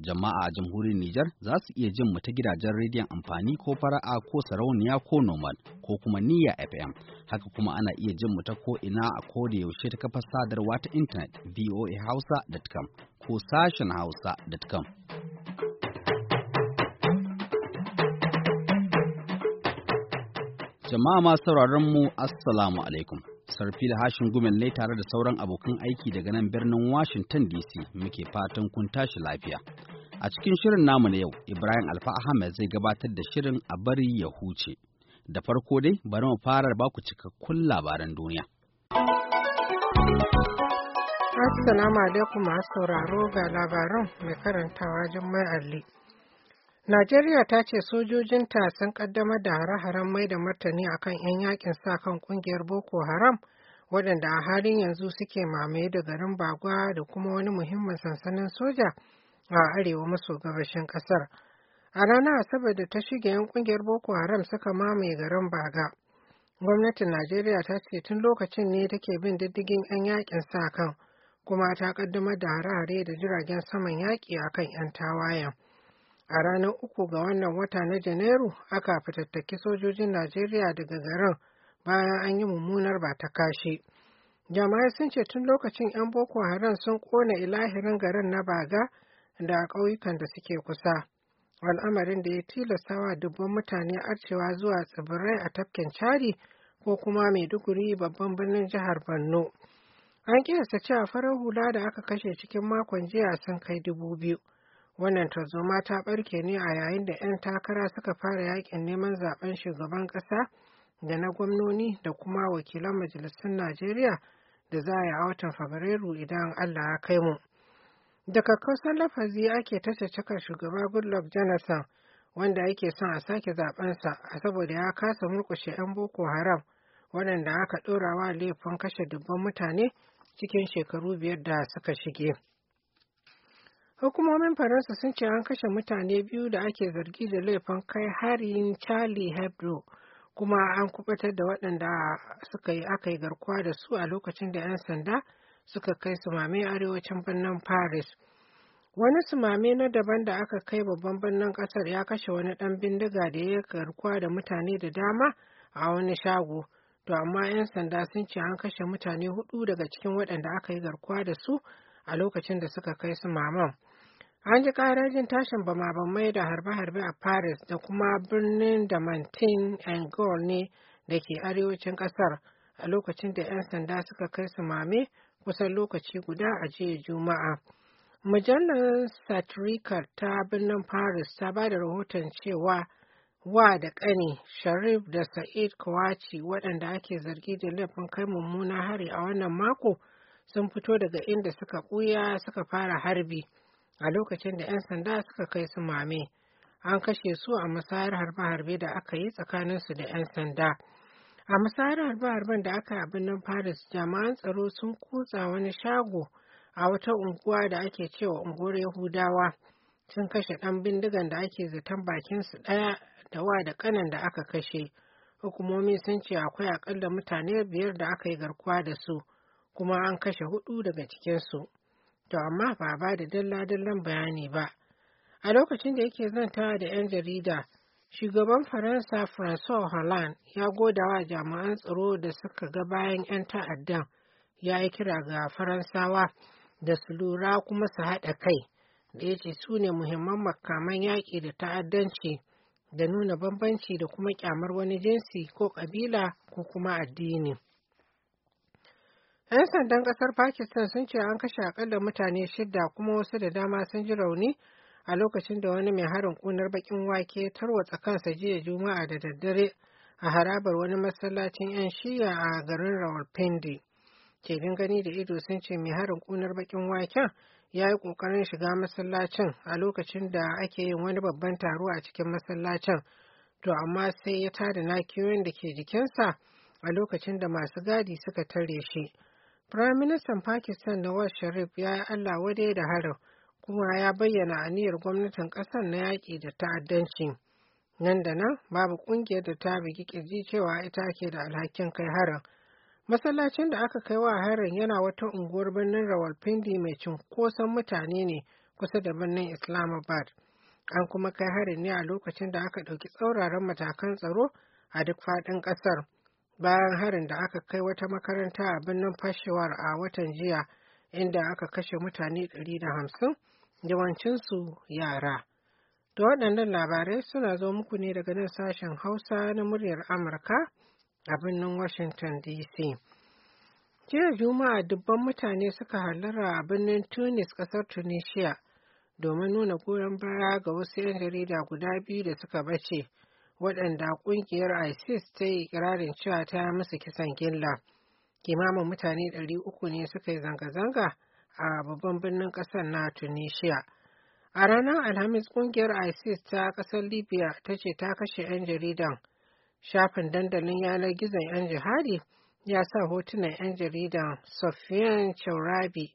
jama'a a jamhuriyar Nijar za su iya jin mu ta gidajen rediyon amfani ko fara'a ko sarauniya ko normal ko kuma Niya FM. Haka kuma ana iya jin mu ta ko ina a ko da yaushe ta kafar sadarwa ta intanet voahausa.com ko sashen hausa.com. Jama'a masu sauraron mu Assalamu alaikum. Sarfila Hashin Gumel ne tare da sauran abokan aiki daga nan birnin Washington DC muke fatan kun tashi lafiya. A cikin shirin namu na yau, Ibrahim Alfa Ahmed zai gabatar da shirin a bari ya huce. Da farko dai bari mu fara baku cikakkun labaran duniya. Assalamu alaikum masu sauraro ga labaran mai karantawa Jummai Ali. Najeriya ta ce sojojinta sun kaddamar da hare-haren mai da martani akan 'yan yakin sa kan kungiyar Boko Haram waɗanda a halin yanzu suke mamaye da garin Bagwa da kuma wani muhimmin sansanin soja a arewa maso gabashin ƙasar. A ranar Asabar da ta shige 'yan kungiyar Boko Haram suka mamaye garin Baga. Gwamnatin Najeriya ta ce tun lokacin ne take bin diddigin 'yan yakin sa kan kuma ta kaddamar da hare-hare da jiragen saman yaƙi kan 'yan tawayen. a ranar uku ga wannan wata na janairu aka fitattaki sojojin najeriya daga garin bayan an yi mummunar ba ta kashe. jama'ai sun ce tun lokacin 'yan boko haram sun kona ilahirin garin na baga da ƙauyukan da suke kusa al'amarin da ya tilastawa dubban mutane arcewa zuwa tsibirai a tafkin cari ko kuma maiduguri babban birnin jihar borno an kiyasta cewa farar hula da aka kashe cikin makon jiya sun kai dubu biyu Wannan tarzoma ta ɓarke ne a yayin da 'yan takara suka fara yakin neman zaben shugaban ƙasa da na gwamnoni da kuma wakilan majalisun Najeriya da za a yi a watan Fabrairu idan Allah ya kai mu. Da kakkausan lafazi ake tashe caka shugaba Goodluck Jonathan wanda ake son a sake zabensa a saboda ya kasa murkushe 'yan Boko Haram waɗanda aka ɗorawa laifin kashe dubban mutane cikin shekaru biyar da suka shige. Hukumomin Faransa sun ce an kashe mutane biyu da ake zargi da laifin kai harin Charlie Hebdo kuma an kubatar da waɗanda suka yi aka yi garkuwa da su a lokacin da 'yan sanda suka kai sumame arewacin birnin Paris. Wani sumame na daban da aka kai babban birnin ƙasar ya kashe wani ɗan bindiga da ya garkuwa da mutane da dama a wani shago. To amma 'yan sanda sun ce an kashe mutane hudu daga cikin waɗanda aka yi garkuwa da su a lokacin da suka kai su maman. an ji karajin tashin bama-bamai da harbe-harbe a paris da kuma birnin da mantin angol ne da ke arewacin ƙasar a lokacin da 'yan sanda suka kai su mame kusan lokaci guda a jiya juma'a mujallar satirical ta birnin paris ta ba da rahoton cewa wa da ƙani sharif da sa'id kawaci waɗanda ake zargi da laifin kai mummuna hari a wannan mako sun fito daga inda suka ɓuya suka fara harbi a lokacin da 'yan sanda suka kai su mame an kashe su a musayar harbe-harbe da aka yi su da 'yan sanda a musayar harbe-harben da aka abin nan paris jama'an tsaro sun kutsa wani shago a wata unguwa da ake cewa unguwar yahudawa sun kashe ɗan bindigan da ake zaton bakinsu ɗaya da wa da kanan da aka kashe hukumomi sun ce akwai akalla mutane biyar da aka yi garkuwa da su kuma an kashe hudu daga cikinsu to amma ba ba da dalla-dallan bayani ba. A lokacin da yake zantawa da 'yan jarida, shugaban Faransa François Hollande ya godawa wa jami'an tsaro da suka ga bayan 'yan ta'addan ya yi kira ga Faransawa da su lura kuma su haɗa kai, da ya ce su ne muhimman makaman yaƙi da ta'addanci da nuna bambanci da kuma kyamar wani jinsi ko ƙabila ko kuma addini. 'Yan sandan ƙasar Pakistan sun ce an kashe akalla mutane shida kuma wasu da dama sun ji rauni a lokacin da wani mai harin ƙunar baƙin wake ya tarwatsa kansa jiya Juma'a da daddare a harabar wani masallacin 'yan shiya a garin Rawalpindi. din gani da ido sun ce mai harin ƙunar baƙin waken ya yi ƙoƙarin shiga masallacin a lokacin da ake yin wani babban taro a cikin masallacin to amma sai ya tada nakiyoyin da ke jikinsa a lokacin da masu gadi suka tare shi Firaministan Pakistan Nawaz Sharif ya yi Allah wadai da harin kuma ya bayyana aniyar gwamnatin ƙasar na yaƙi da ta'addanci. Nan da nan babu ƙungiyar da ta bugi ƙirji cewa ita ke da alhakin kai harin. Masallacin da aka kai wa harin yana wata unguwar birnin Rawalpindi mai cunkoson mutane ne kusa da birnin Islamabad. An kuma kai harin ne a lokacin da aka ɗauki tsauraran matakan tsaro a duk faɗin ƙasar. bayan harin da aka kai wata makaranta a birnin fashewar a watan jiya inda aka kashe mutane 150 yawancinsu yara. Da waɗannan labarai suna zo muku ne daga nan sashen Hausa na muryar Amurka a birnin Washington DC. Jiya Juma'a dubban mutane suka hallara a birnin Tunis ƙasar Tunisia domin nuna goyon baya ga wasu 'yan jarida guda biyu da suka bace. waɗanda ƙungiyar isis ta yi ikirarin cewa ta yi musu kisan gilla kimamin mutane ɗari uku ne suka yi zanga-zanga a babban birnin ƙasar na tunisia a ranar alhamis ƙungiyar isis ta ƙasar libya ta ce ta kashe 'yan jaridan shafin dandalin yanar gizon 'yan jihadi ya sa hotunan 'yan jaridan sofiyan chaurabi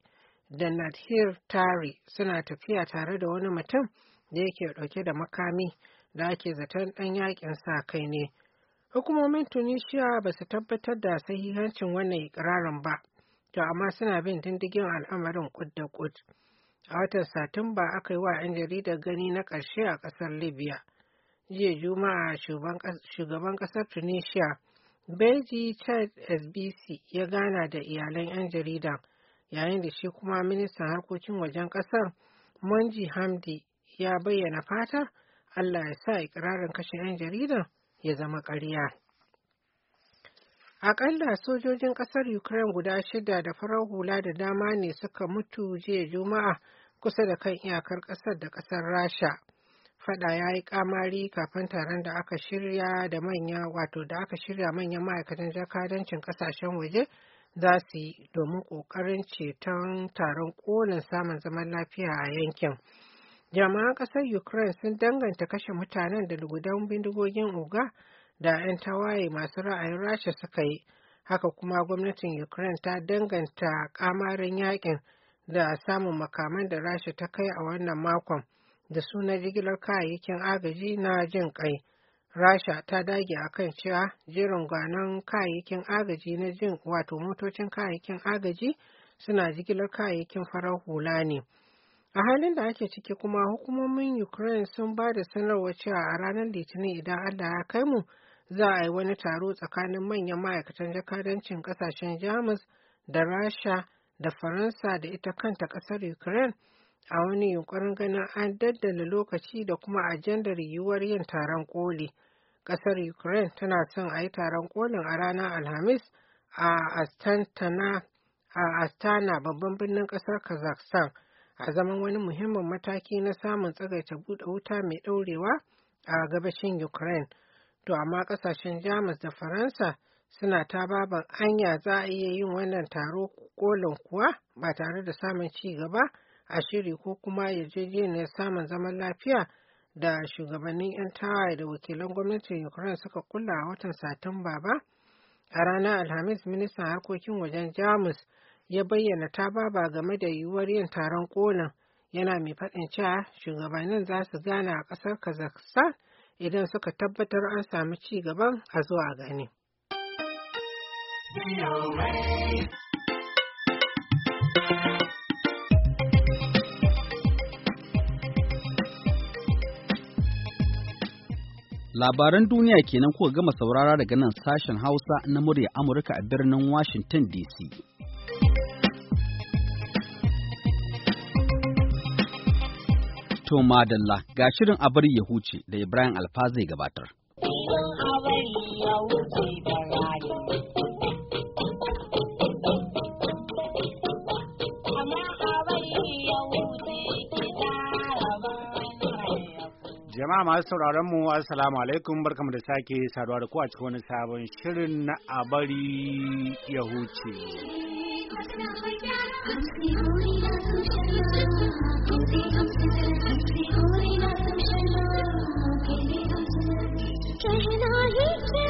da nadhir tari suna tafiya tare da wani mutum da yake ɗauke da makami da ake zaton ɗan yakin sa kai ne. Hukumomin Tunisia ba su tabbatar da sahihancin wannan ikirarin ba, to amma suna bin dindigin al'amarin kud da kud. A watan Satumba aka yi wa 'yan jaridar gani na ƙarshe a ƙasar Libya. Jiya Juma'a shugaban ƙasar Tunisia, Beji Chad SBC ya gana da iyalan 'yan jaridan, yayin da shi kuma ministan harkokin wajen ƙasar, Monji Hamdi, ya bayyana fata Allah ya sa ikirarin kashe 'yan jaridan ya zama ƙarya. Aƙalla sojojin ƙasar Ukraine guda shida da farar hula da dama ne suka mutu jiya Juma'a kusa da kan iyakar ƙasar da ƙasar Rasha. Fada ya yi kamari kafin taron da aka shirya da manya wato da aka shirya manyan ma'aikatan jakadancin ƙasashen waje za su yi domin ƙoƙarin ceton taron ƙolin samun zaman lafiya a yankin. Jami'an ƙasar Ukraine sun danganta kashe mutanen da lugudan bindigogin Uga da 'yan tawaye masu ra'ayin Rasha suka yi. Haka kuma gwamnatin Ukraine ta danganta kamarin yakin da samun makaman da Rasha ta kai a wannan makon da suna jigilar kayayyakin agaji na jin kai. Rasha ta dage a kan cewa jirin gwanon kayayyakin agaji na jin wato motocin kayayyakin agaji suna jigilar kayayyakin farar hula ne. A halin da ake ciki kuma hukumomin Ukraine sun ba da sanarwa cewa a ranar Litinin idan Allah ya kai mu za a yi wani taro tsakanin manyan ma'aikatan jakadancin kasashen Jamus da Rasha da Faransa da ita kanta ƙasar Ukraine a wani yunkurin ganin an daddala lokaci da kuma ajandar yiwuwar yin taron koli. Ƙasar Ukraine tana son a yi taron kolin a ranar Alhamis a Astana babban birnin ƙasar Kazakhstan. a zaman wani muhimmin mataki na samun tsagaita buɗe wuta mai ɗaurewa a gabashin Ukraine. To amma ƙasashen Jamus da Faransa suna ta baban anya za a iya yin wannan taro kolin kuwa ba tare da samun ci gaba a shiri ko kuma yarjejeniyar samun zaman lafiya da shugabannin 'yan tawa da wakilan gwamnatin Ukraine suka kula a watan Satumba ba. A ranar Alhamis ministan harkokin wajen Jamus ya bayyana ta baba game da yiwuwar yin taron ƙonan yana mai faɗin cewa shugabannin za su gane a ƙasar kazakhstan idan suka tabbatar an samu ci gaban a zuwa gani. Labaran duniya kenan kuka gama saurara daga nan sashen Hausa na murya Amurka a birnin Washington DC. To madalla ga shirin a bari ya huce da Ibrahim Alfa zai gabatar. Jama'a masu sauraron mu assalamu alaikum barkamu da sake saduwa da ku a cikin wani sabon shirin na a ya huce. कहना ही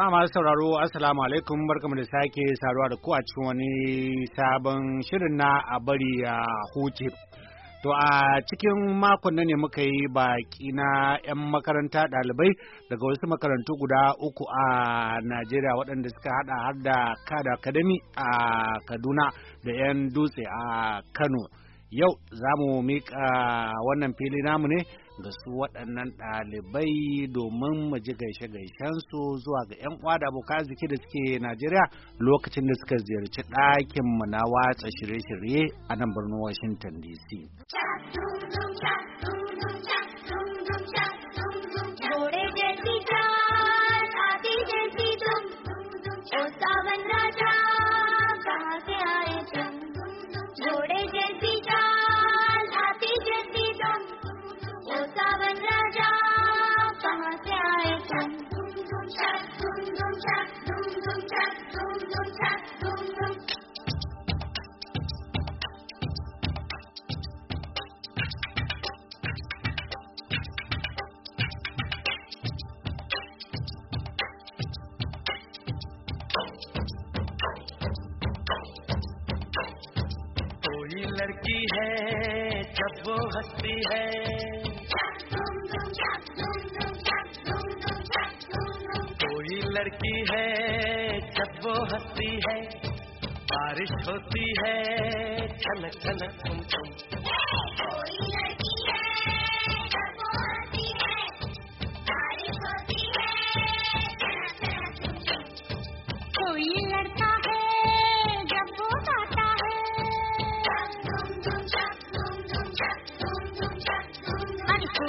Jama'a masu sauraro Assalamu alaikum barkamu da sake saruwa da ku a cikin wani sabon shirin na a bari a huce. To a cikin makon ne muka yi baki na 'yan makaranta ɗalibai daga wasu makarantu guda uku a Najeriya waɗanda suka hada har da Kada Academy a Kaduna da 'yan Dutse a Kano. Yau za mu miƙa wannan fili namu ne ga su waɗannan ɗalibai domin mu ji gaishe-gaishensu zuwa ga 'yan uwa da abokan arziki da suke Najeriya lokacin da suka ziyarci ɗakin mu na watsa shirye-shirye a nan birnin Washington DC. Oh,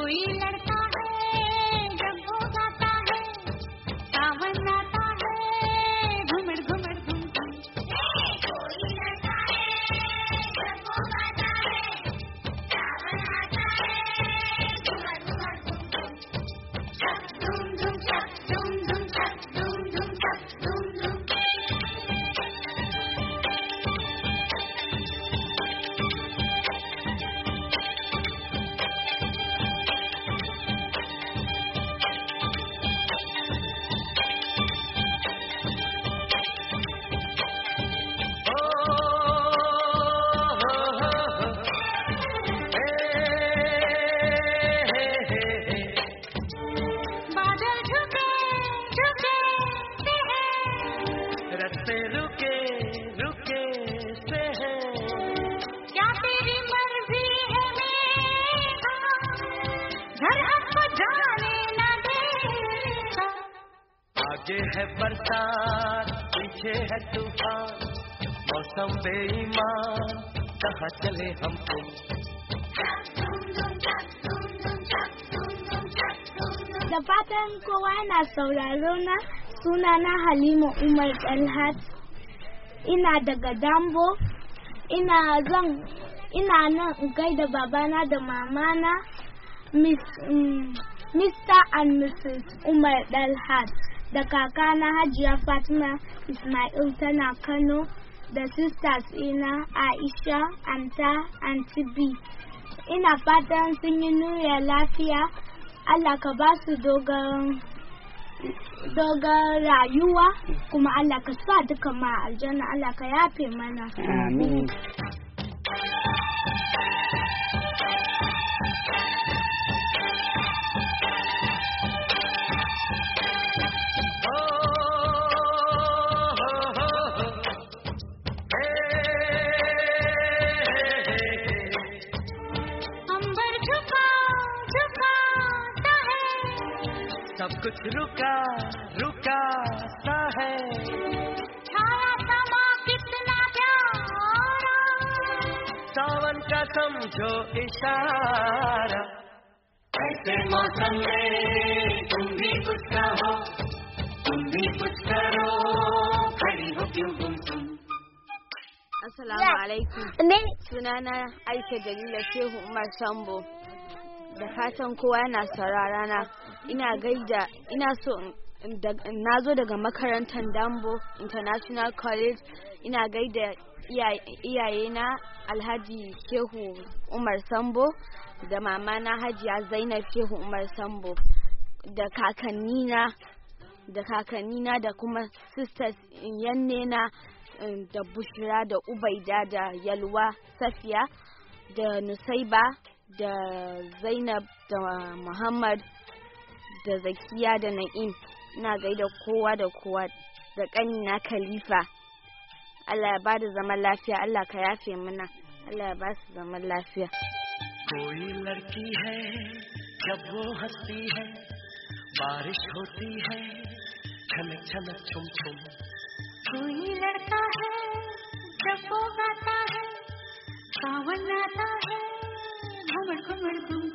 ಈ है बरसात पीछे है तूफान मौसम बेईमान कहाँ चले हम तुम Da fatan kowa yana sauraro na suna na Halima Umar Dalhat. Ina daga Dambo. Ina zan ina nan gai da babana da mamana Mr. Mm, and Mrs. Umar Dalhat. da kakana hajiya fatima ismail tana kano da sisters ina aisha anta anti b ina fatan sun yi nuriya lafiya allah ka ba su dogon dogon rayuwa kuma allah ka sa duka ma aljanna allah ka yafe mana amin कुछ रुका रुका सा है सावन का समझो इशारा ऐसे मौसम में तुम भी कुछ कहो तुम भी कुछ करो खड़ी हो क्यों तुम तुम Assalamu Sunana Aisha Jalila Shehu Umar Sambo. Da fatan kowa ina gaida ina so na zo daga makarantar dambo international college ina gaida na alhaji shehu umar sambo da mama mamana hajiya zainab shehu umar sambo da kakannina da na da kuma sisters yannena eh, da bushira da ubaida da yalwa safiya da nusaiba da zainab da muhammad da zakiya da na'im na da kowa da kowa da kani na khalifa Allah ya ba da zaman lafiya Allah ka yafe mana Allah ya ba su zaman lafiya koyi larki hai jab wo hasti hai barish hoti hai chalak chalak chum chum koyi ladka hai jab wo gaata hai sawan aata hai ghumar ghumar ghum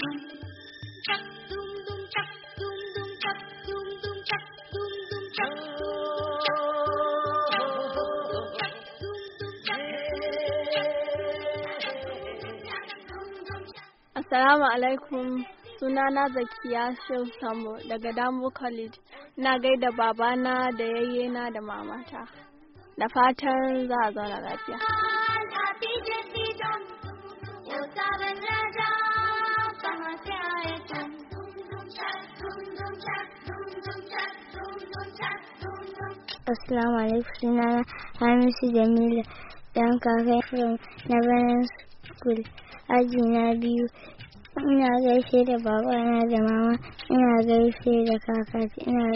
Assalamu alaikum sunana Zakiya Shehu Sambo daga dambo College. Na gaida babana da yayyena da mamata. Da fatan za a zauna lafiya. Assalamu alaikum sunana Hamisu Jamilu dan kaka from Netherlands School. Aji na biyu ina gaishe da babana da mama ina gaishe da kakaki ina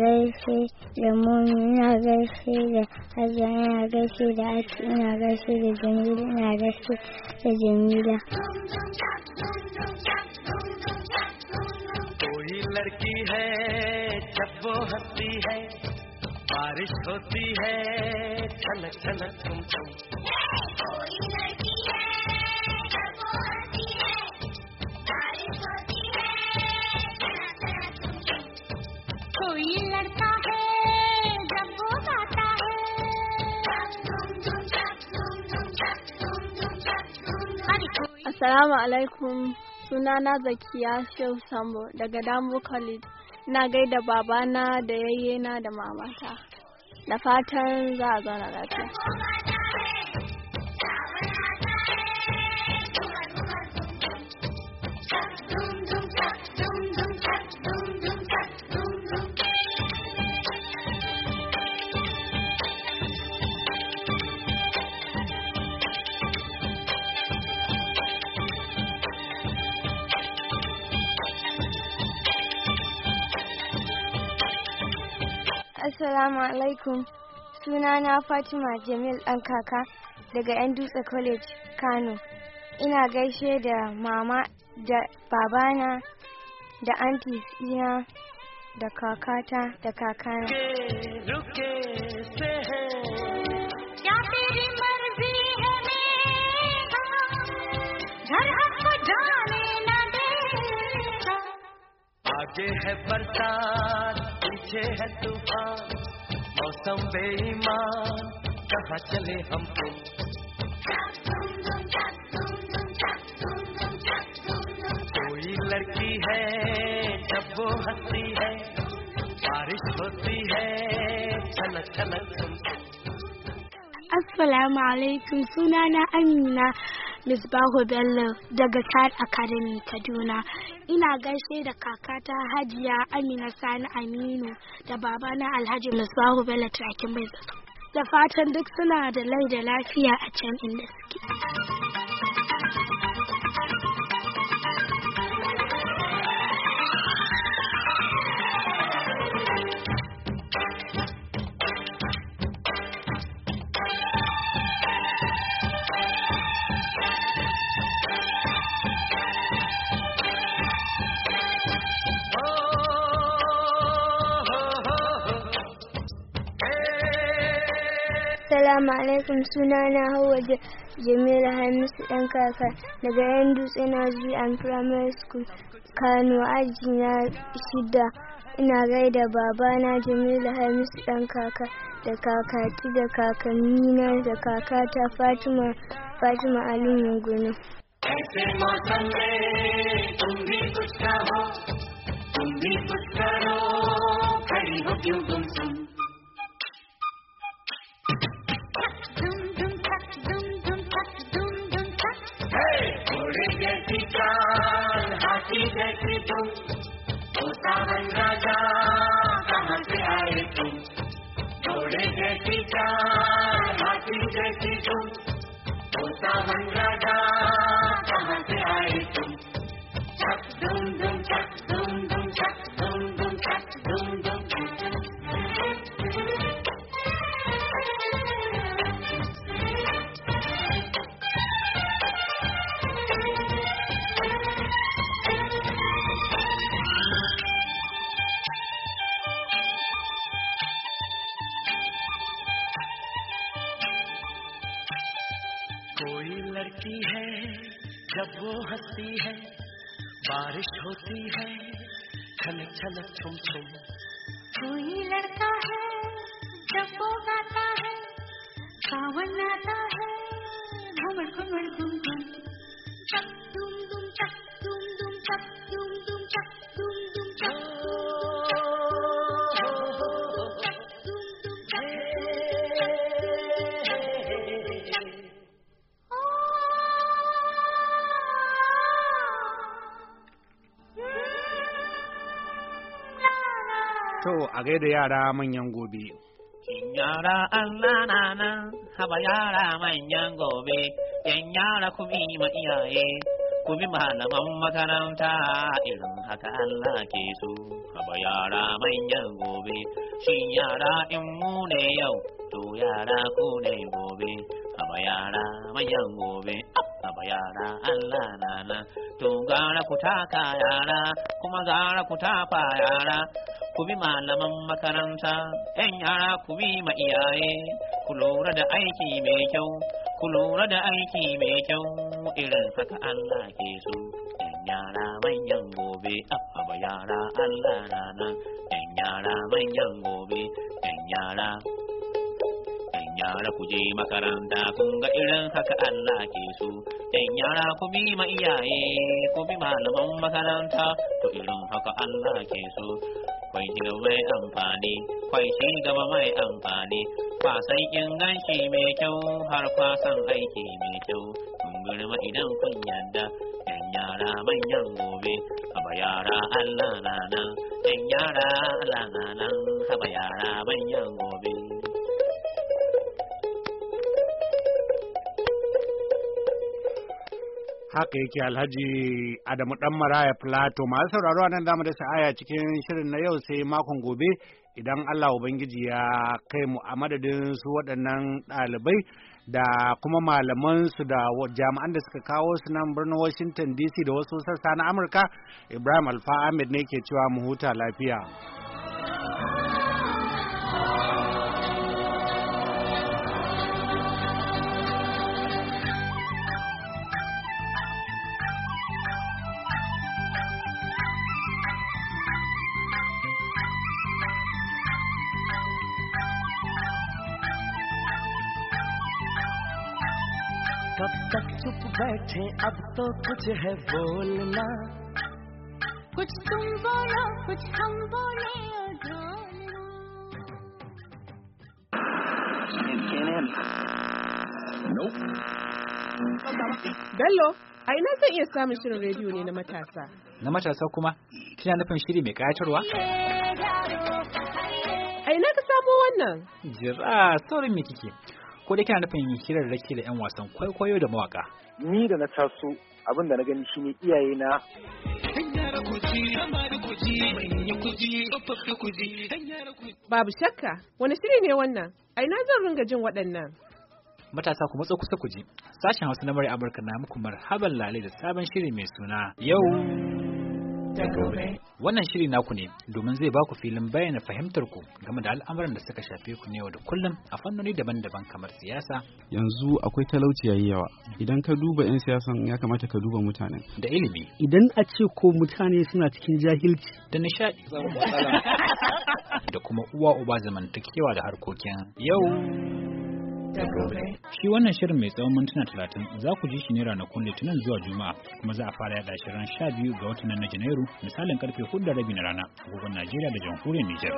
gaishe da momi ina gaishe da hajiya ina gaishe da aki ina gaishe da jamila ina gaishe da jamila कोई लड़की है जब वो हंसती है बारिश होती है छलक छलक तुम तुम कोई लड़की है Assalamu alaikum sunana Zakiya Shehu Sambo daga Dambu College. na gaida babana da yayyena da mamata. Da fatan za a zauna lafiya. Assalamu alaikum. na Fatima Jamil ɗan kaka daga 'yan dutse college Kano. Ina gaishe da mama da babana da aunties ina da kakata da kakana. घर आगे है बरसात पीछे है तूफान मौसम बेईमान कहाँ चले हमको कोई लड़की है जब वो हंसती है बारिश होती है छलक छलक तुमको असलम सुनाना Amina Misbahu Bello daga Kar Academy Kaduna. Ina gaishe da kakata Hajiya Amina Sani Aminu da babana Alhaji Misbahu Bello Tracking Bai Da fatan duk suna da lai da lafiya a can inda suke. Assalamu alaikum suna na hawa jami'ar Hamisu ɗan kaka daga yan dutse zuwa and Primary School Kano aji na shida ina gaida babana jami'ar Hamisu ɗan kaka da kakati da kakanni na da kakata Fatima Fatima Ali Mungunu. ऐसे sai में तुम bi कुछ कहो तुम भी कुछ करो खड़ी जैसी चाल हाथी जैसी तुम तो सावन राजा कहाँ से आए तुम घोड़े जैसी चाल हाथी जैसी तुम तो सावन राजा कहाँ से आए तुम चक धुम धुम चक धुम धुम चक धुम धुम चक धुम धुम gaida yara manyan gobe. Yan yara Allah na nan, haba yara manyan gobe, yan yara ku bi ma iyaye, ku bi malaman makaranta irin haka Allah ke so. Haba yara manyan gobe, shi yara in mu ne yau, to yara ku ne gobe, haba yara manyan gobe. ba yara Allah na to gara ku taka yara kuma gara ku tafa yara ku bi malaman makaranta yan yara ku bi ma iyaye ku lura da aiki mai kyau ku lura da aiki mai kyau irin haka Allah ke so yan yara manyan gobe abba yara Allah na yan yara manyan gobe yan yara yara ku je makaranta kun ga irin haka Allah ke so dan yara ku bi ma iyaye ku bi malaman makaranta to irin haka Allah ke so kwai shiga mai amfani kwai shiga gaba mai amfani kwasan ganshi mai kyau har kwasan aiki mai kyau kun girma idan kun yarda dan yara manyan gobe haba yara Allah na nan dan yara Allah na nan haba yara manyan gobe haka yake alhaji adamu dan maraya plato masu sauraro a nan zamu da sa'aya cikin shirin na yau sai makon gobe idan allah ubangiji ya kai mu a madadin su waɗannan ɗalibai da kuma malamansu da jami'an da suka kawo su nan birnin washington dc da wasu sassa na amurka ibrahim alfa ahmed ne ke cewa mu huta lafiya. कब तक चुप बैठे अब तो कुछ है बोलना कुछ तुम बोलो कुछ हम बोले Bello, a ina zan iya samun shirin rediyo ne na matasa. Na matasa kuma, kina nufin shiri mai kayatarwa? A ina ka samo wannan? Jira, saurin me kike. ko da kina nufin rake da 'yan wasan kwaikwayo da mawaka ni da na taso abin da na gani shine iyaye na babu shakka wani shiri ne wannan ina zan ringa jin waɗannan matasa kuma matso kusa ku ji sashen hausa na murya amurka na muku marhaban lalai da sabon shiri mai suna yau Wannan shiri naku ne domin zai baku filin bayyana fahimtar ku game da al'amuran da suka shafe ku ne yau da kullum a fannoni daban-daban kamar siyasa. Yanzu akwai talauci yayi yawa. Idan ka duba 'yan siyasan ya kamata ka duba mutanen. Da ilimi. Idan a ce ko mutane suna cikin jahilci. Da nishaɗi. Da kuma uwa uba zamantakewa da harkokin yau Shi wannan shirin mai tsawon mintuna talatin za ku ji shi ne ranakun Litinin zuwa Juma'a kuma za a fara yada shirin sha biyu ga watan na Janairu misalin karfe hudu da rabi na rana agogon Najeriya da jamhuriyar Nijar.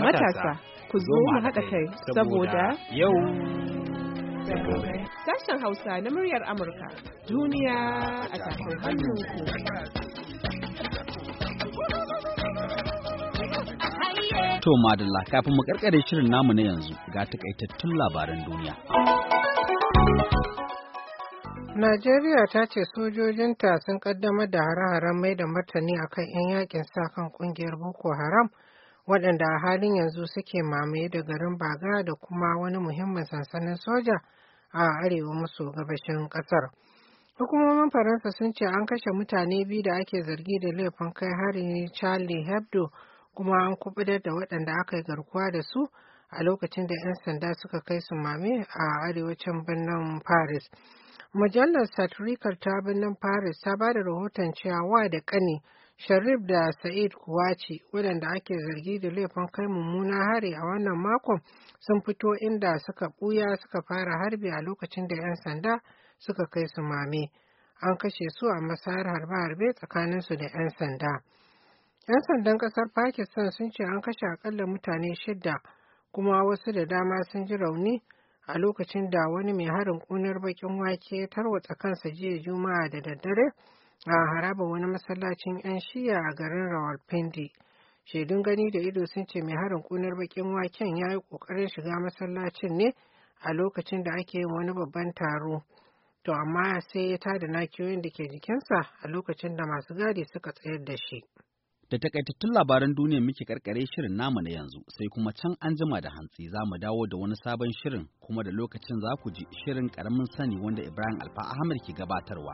Matasa ku zo mu haɗa kai saboda yau Sashen Hausa na muryar Amurka duniya a tafin hannunku. To madalla kafin mu karkare shirin namu na yanzu ga takaitattun labaran duniya. Najeriya ta ce sojojinta sun kaddamar da hare-haren mai da martani akan 'yan yakin sa kan kungiyar Boko Haram waɗanda a halin yanzu suke mamaye da garin Baga da kuma wani muhimmin sansanin soja a arewa maso gabashin ƙasar. Hukumomin Faransa sun ce an kashe mutane biyu da ake zargi da laifin kai hari ne Charlie Hebdo kuma an kubutar da waɗanda aka yi garkuwa da su a lokacin da 'yan sanda suka kai su mame a arewacin birnin paris mujallar satirikar ta birnin paris ta ba da rahoton cewa wa da kani sharif da sa'id kuwaci waɗanda ake zargi da laifin kai mummuna hari a wannan makon sun fito inda suka ɓuya suka fara harbi a lokacin da 'yan sanda suka kai su mame an kashe su a masayar harbe-harbe tsakaninsu da 'yan sanda. 'Yan sandan ƙasar Pakistan sun ce an kashe akalla mutane shidda kuma wasu da dama sun ji rauni a lokacin da wani mai harin ƙunar bakin wake ya tarwatsa kansa jiya Juma'a da daddare a haraba wani masallacin 'yan shiya a garin Rawalpindi. Shaidun gani da ido sun ce mai harin ƙunar baƙin waken ya yi ƙoƙarin shiga masallacin ne a lokacin da ake yin wani babban taro. To amma sai ya tada nakiyoyin da ke jikinsa a lokacin da masu gadi suka tsayar da shi. Da takaitattun labaran duniya muke karkare shirin namu na yanzu sai kuma can an jima da hantsi za mu dawo da wani sabon shirin kuma da lokacin za ku ji shirin karamin sani wanda Ibrahim Alfa Ahmad ke gabatarwa.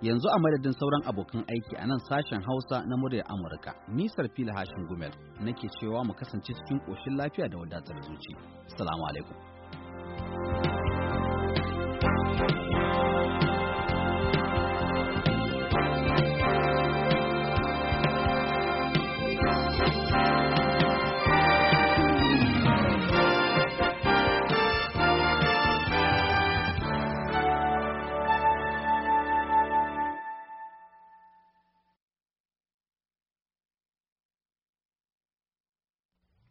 Yanzu a madadin sauran abokan aiki a nan sashen Hausa na muryar Amurka, nisar fila hashin gumel nake cewa mu kasance cikin koshin lafiya da wadatar zuci. Assalamu alaikum.